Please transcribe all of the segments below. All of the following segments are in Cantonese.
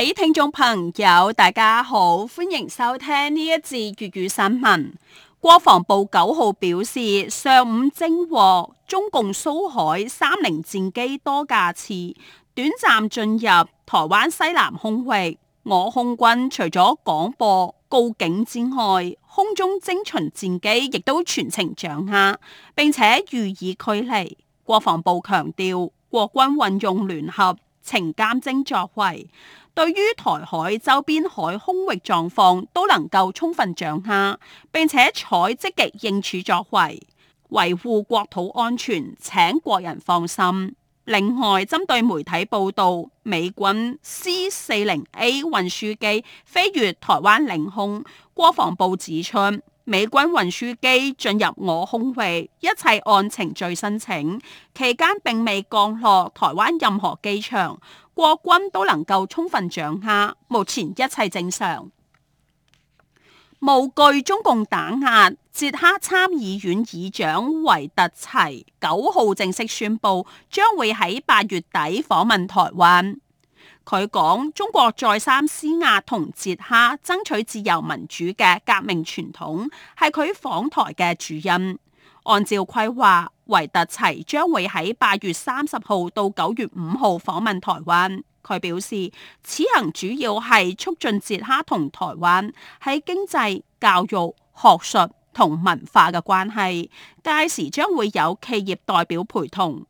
各位聽眾朋友，大家好，歡迎收聽呢一節粵語新聞。國防部九號表示，上午偵獲中共蘇愷三零戰機多架次短暫進入台灣西南空域，我空軍除咗廣播告警之外，空中精巡戰機亦都全程掌握，並且予以驅離。國防部強調，國軍運用聯合，情監偵作為，對於台海周邊海空域狀況都能夠充分掌握，並且採積極應處作為，維護國土安全。請國人放心。另外，針對媒體報導，美軍 C 四零 A 運輸機飛越台灣領空，國防部指出，美軍運輸機進入我空域，一切按程序申請，期間並未降落台灣任何機場。國軍都能夠充分掌握，目前一切正常。無懼中共打壓，捷克參議院議長維特齊九號正式宣布，將會喺八月底訪問台灣。佢講：中國再三施壓同捷克爭取自由民主嘅革命傳統，係佢訪台嘅主因。按照規劃，維特齊將會喺八月三十號到九月五號訪問台灣。佢表示，此行主要係促進捷克同台灣喺經濟、教育、學術同文化嘅關係，屆時將會有企業代表陪同。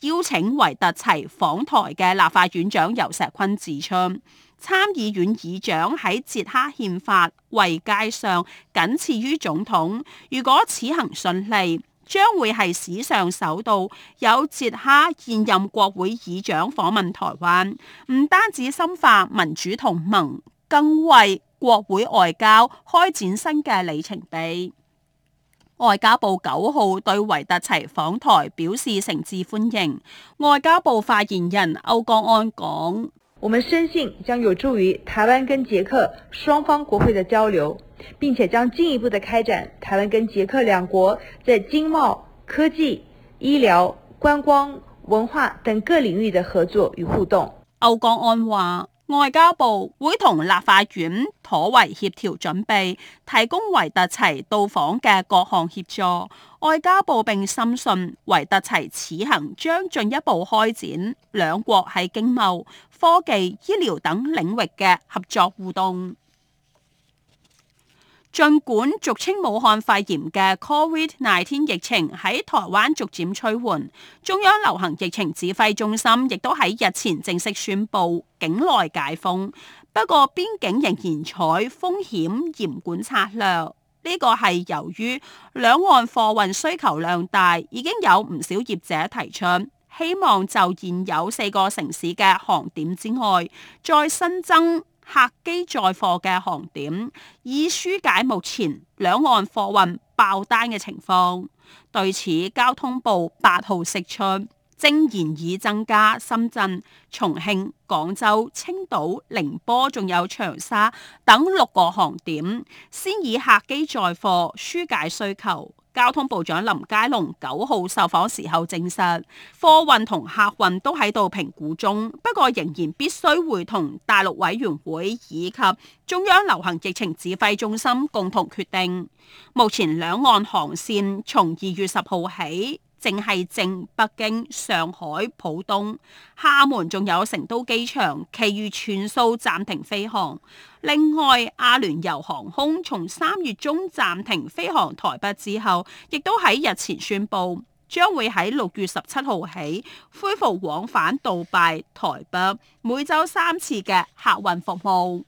邀請維特齊訪台嘅立法院長游錫堃指出，參議院議長喺捷克憲法位階上僅次於總統。如果此行順利，將會係史上首度有捷克現任國會議長訪問台灣，唔單止深化民主同盟，更為國會外交開展新嘅里程碑。外交部九號對維特齊訪台表示誠摯歡迎。外交部發言人歐江安講：我們深信將有助於台灣跟捷克雙方國會的交流，並且將進一步的開展台灣跟捷克兩國在經貿、科技、醫療、觀光、文化等各領域的合作與互動。歐江安話。外交部會同立法院妥為協調準備，提供維特齊到訪嘅各項協助。外交部並深信，維特齊此行將進一步開展兩國喺經貿、科技、醫療等領域嘅合作互動。儘管俗稱武漢肺炎嘅 Covid-19 疫情喺台灣逐漸趨緩，中央流行疫情指揮中心亦都喺日前正式宣布境內解封，不過邊境仍然採風險嚴管策略。呢、這個係由於兩岸貨運需求量大，已經有唔少業者提出希望就現有四個城市嘅航點之外，再新增。客機載貨嘅航點，以疏解目前兩岸貨運爆單嘅情況。對此，交通部八號釋出，證實已增加深圳、重慶、廣州、青島、寧波，仲有長沙等六個航點，先以客機載貨疏解需求。交通部長林佳龍九號受訪時候證實，貨運同客運都喺度評估中，不過仍然必須會同大陸委員會以及中央流行疫情指揮中心共同決定。目前兩岸航線從二月十號起。淨係正北京、上海、浦東、廈門、仲有成都機場，其餘全數暫停飛航。另外，阿聯酋航空從三月中暫停飛航台北之後，亦都喺日前宣布，將會喺六月十七號起恢復往返杜拜台北每周三次嘅客運服務。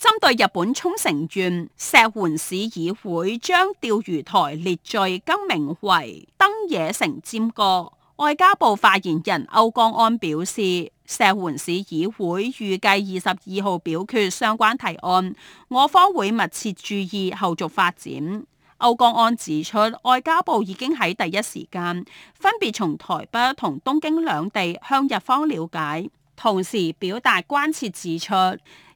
針對日本沖繩縣石垣市議會將釣魚台列嶼更名為登野城尖閣，外交部發言人歐江安表示，石垣市議會預計二十二號表決相關提案，我方會密切注意後續發展。歐江安指出，外交部已經喺第一時間分別從台北同東京兩地向日方了解，同時表達關切，指出，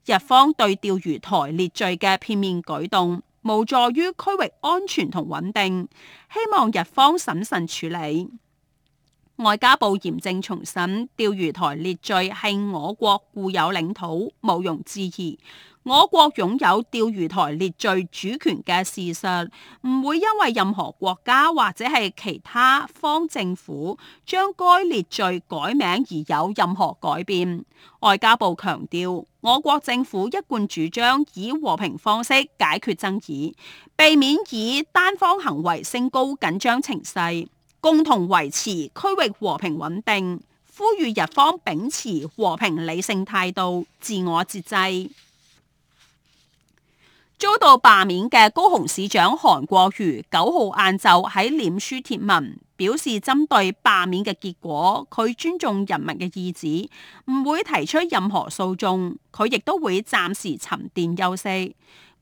日方對釣魚台列嶼嘅片面舉動，無助於區域安全同穩定，希望日方審慎處理。外交部嚴正重申，釣魚台列嶼係我國固有領土，毋庸置疑。我國擁有釣魚台列嶼主權嘅事實，唔會因為任何國家或者係其他方政府將該列嶼改名而有任何改變。外交部強調，我國政府一貫主張以和平方式解決爭議，避免以單方行為升高緊張情勢。共同維持區域和平穩定，呼籲日方秉持和平理性態度，自我節制。遭到罷免嘅高雄市長韓國瑜九號晏晝喺臉書貼文，表示針對罷免嘅結果，佢尊重人民嘅意志，唔會提出任何訴訟，佢亦都會暫時沉澱休息。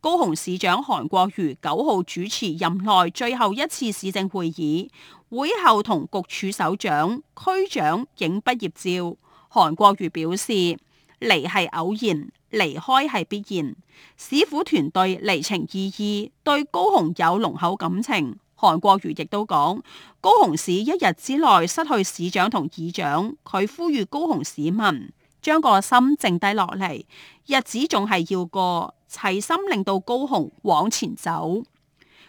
高雄市長韓國瑜九號主持任內最後一次市政會議，會後同局處首長、區長影畢業照。韓國瑜表示：嚟係偶然，離開係必然。市府團隊離情依依，對高雄有濃厚感情。韓國瑜亦都講：高雄市一日之內失去市長同議長，佢呼籲高雄市民。將個心靜低落嚟，日子仲係要過，齊心令到高雄往前走。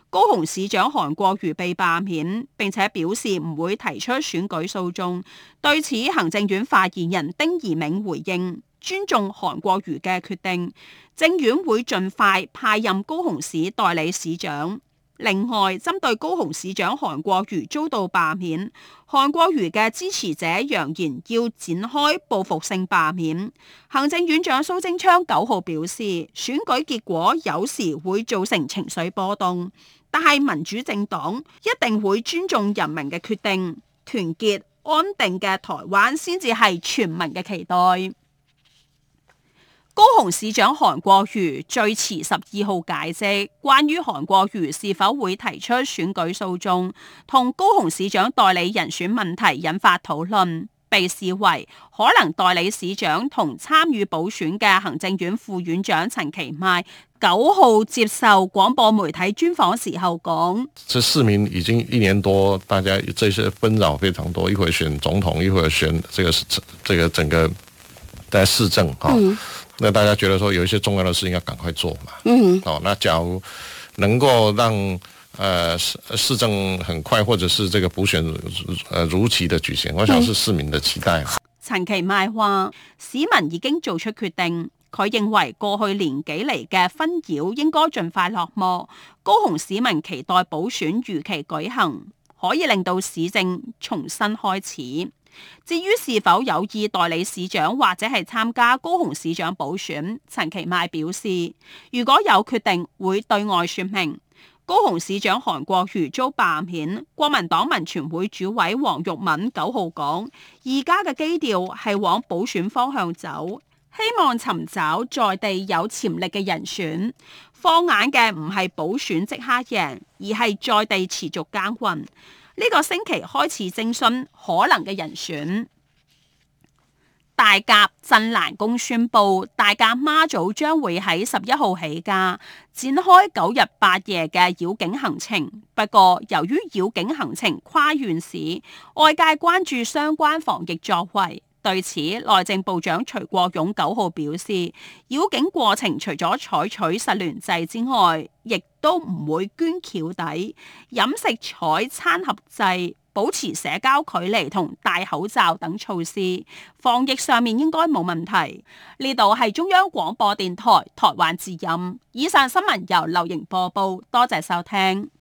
高雄市長韓國瑜被罷免，並且表示唔會提出選舉訴訟。對此，行政院發言人丁怡銘回應：尊重韓國瑜嘅決定，政院會盡快派任高雄市代理市長。另外，針對高雄市長韓國瑜遭到罷免，韓國瑜嘅支持者揚言要展開報復性罷免。行政院長蘇貞昌九號表示，選舉結果有時會造成情緒波動，但係民主政黨一定會尊重人民嘅決定，團結安定嘅台灣先至係全民嘅期待。高雄市長韓國瑜最遲十二號解釋。關於韓國瑜是否會提出選舉訴訟同高雄市長代理人選問題引發討論，被視為可能代理市長同參與補選嘅行政院副院長陳其邁九號接受廣播媒體專訪時候講：這市民已經一年多，大家這些紛擾非常多，一會選總統，一會選這個，這個整個大家市政啊。嗯那大家覺得說有一些重要的事情要趕快做嘛？嗯、mm，hmm. 哦，那假如能夠讓，誒、呃、市市政很快，或者是這個補選如、呃，如期的舉行，我想是市民的期待。陳、mm hmm. 其邁話，市民已經做出決定，佢認為過去年幾嚟嘅紛擾應該盡快落幕。高雄市民期待補選如期舉行，可以令到市政重新開始。至於是否有意代理市長或者係參加高雄市長補選，陳其邁表示，如果有決定會對外說明。高雄市長韓國瑜遭罷免，國民黨民權會主委黃玉敏九號講，而家嘅基調係往補選方向走，希望尋找在地有潛力嘅人選，放眼嘅唔係補選即刻贏，而係在地持續耕耘。呢個星期開始徵詢可能嘅人選。大甲鎮瀾宮宣佈，大甲媽祖將會喺十一號起駕，展開九日八夜嘅繞境行程。不過，由於繞境行程跨縣市，外界關注相關防疫作為。對此，內政部長徐國勇九號表示，遶境過程除咗採取實聯制之外，亦都唔會捐橋底、飲食採餐盒制，保持社交距離同戴口罩等措施，防疫上面應該冇問題。呢度係中央廣播電台台灣之音，以上新聞由劉瑩播報，多謝收聽。